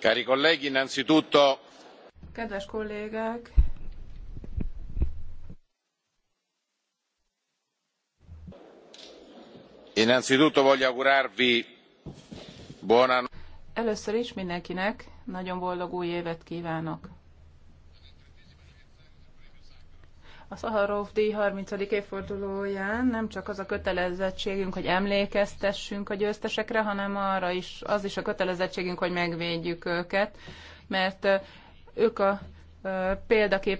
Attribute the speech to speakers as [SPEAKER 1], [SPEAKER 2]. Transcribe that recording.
[SPEAKER 1] cari colleghi innanzitutto
[SPEAKER 2] kedves
[SPEAKER 3] kollégák
[SPEAKER 1] innanzitutto voglio augurarvi
[SPEAKER 4] először is mindenkinek nagyon boldog új évet kívánok. A Szaharov díj 30. évfordulóján nem csak az a kötelezettségünk, hogy emlékeztessünk a győztesekre, hanem arra is, az is a kötelezettségünk, hogy megvédjük őket, mert ők a
[SPEAKER 5] példakép